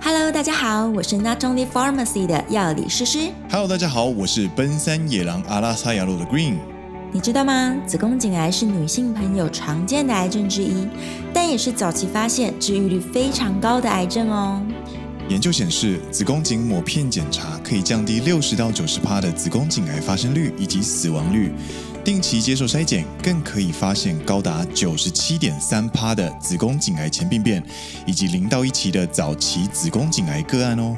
Hello，大家好，我是 Not Only Pharmacy 的藥理詩詩。Hello，大家好，我是奔三野郎阿拉薩雅路的 Green。你知道嗎？子宮頸癌是女性朋友常見的癌症之一，但也是早期發現、治癒率非常高的癌症哦。研究顯示，子宮頸抹片檢查可以降低六十到九十趴的子宮頸癌發生率以及死亡率。定期接受篩檢，更可以發現高達九十七點三趴的子宮頸癌前病變，以及零到一期的早期子宮頸癌個案哦。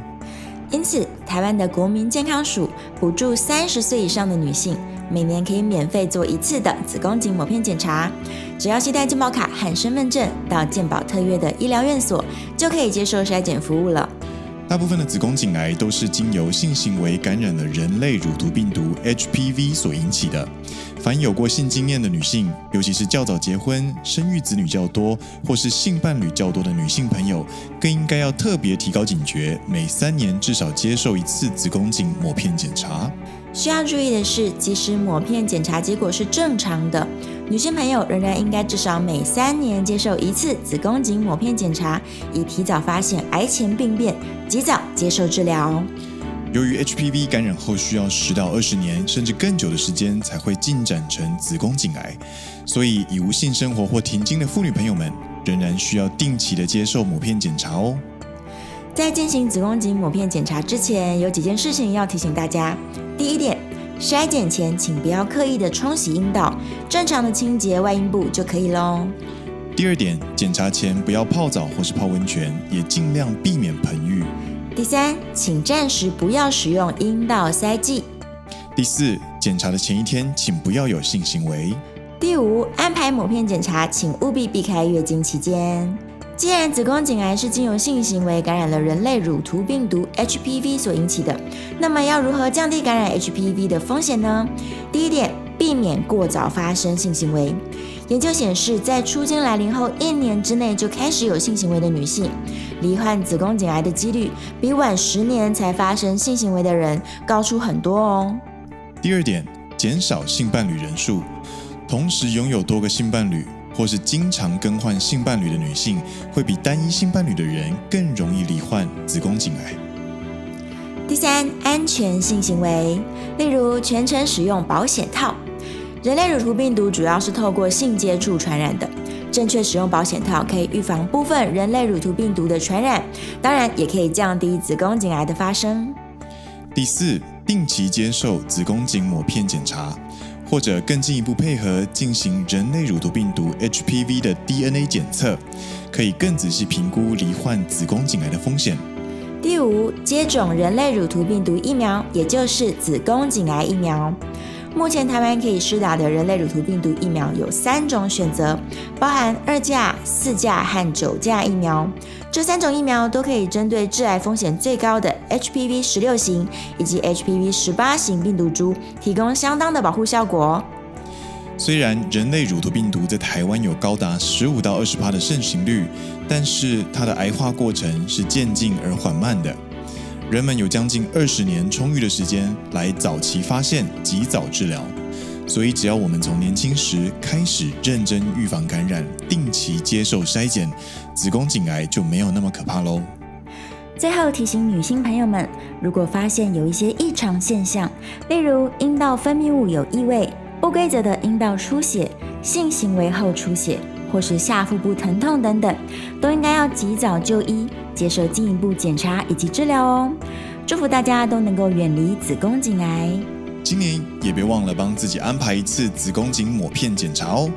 因此，台灣的國民健康署補助三十歲以上的女性，每年可以免費做一次的子宮頸抹片檢查。只要攜帶健保卡和身份證到健保特約的醫療院所，就可以接受篩檢服務了。大部分的子宮頸癌都是經由性行為感染了人類乳突病毒 HPV 所引起的。凡有過性經驗的女性，尤其是較早結婚、生育子女較多，或是性伴侶較多的女性朋友，更應該要特別提高警覺，每三年至少接受一次子宮頸抹片檢查。需要注意的是，即使抹片檢查結果是正常的，女性朋友仍然應該至少每三年接受一次子宮頸抹片檢查，以提早發現癌前病變，及早接受治療哦。由於 HPV 感染後需要十到二十年甚至更久的時間才會進展成子宮頸癌，所以已無性生活或停經的婦女朋友們仍然需要定期的接受抹片檢查哦。在進行子宮頸抹片檢查之前，有幾件事情要提醒大家。第一點，篩檢前請不要刻意的沖洗陰道，正常的清潔外陰部就可以嘍。第二點，檢查前不要泡澡或是泡溫泉，也盡量避免盆浴。第三，請暫時不要使用陰道塞劑。第四，檢查的前一天請不要有性行為。第五，安排抹片檢查，請務必避開月經期間。既然子宮頸癌是經由性行為感染了人類乳突病毒 HPV 所引起的，那麼要如何降低感染 HPV 的風險呢？第一點，避免過早發生性行為。研究顯示，在初經來臨後一年之內就開始有性行為的女性，罹患子宮頸癌的幾率比晚十年才發生性行為的人高出很多哦。第二點，減少性伴侶人數，同時擁有多個性伴侶。或是經常更換性伴侶的女性，會比單一性伴侶的人更容易罹患子宮頸癌。第三，安全性行為，例如全程使用保險套。人類乳突病毒主要是透過性接觸傳染的，正確使用保險套可以預防部分人類乳突病毒的傳染，當然也可以降低子宮頸癌的發生。第四，定期接受子宮頸抹片檢查。或者更進一步配合進行人類乳突病毒 HPV 的 DNA 檢測，可以更仔細評估罹患子宮頸癌的風險。第五，接種人類乳突病毒疫苗，也就是子宮頸癌疫苗。目前台灣可以施打的人類乳突病毒疫苗有三種選擇，包含二價、四價和九價疫苗。這三種疫苗都可以針對致癌風險最高的。HPV 十六型以及 HPV 十八型病毒株提供相當的保護效果。雖然人類乳頭病毒在台灣有高達十五到二十趴的盛行率，但是它的癌化過程是漸進而緩慢的，人們有將近二十年充裕的時間來早期發現、及早治療。所以只要我們從年輕時開始認真預防感染，定期接受篩檢，子宮頸癌就沒有那麼可怕嘍。最後提醒女性朋友們，如果發現有一些異常現象，例如陰道分泌物有異味、不規則的陰道出血、性行為後出血，或是下腹部疼痛等等，都應該要及早就醫，接受進一步檢查以及治療哦。祝福大家都能夠遠離子宮頸癌。今年也別忘了幫自己安排一次子宮頸抹片檢查哦。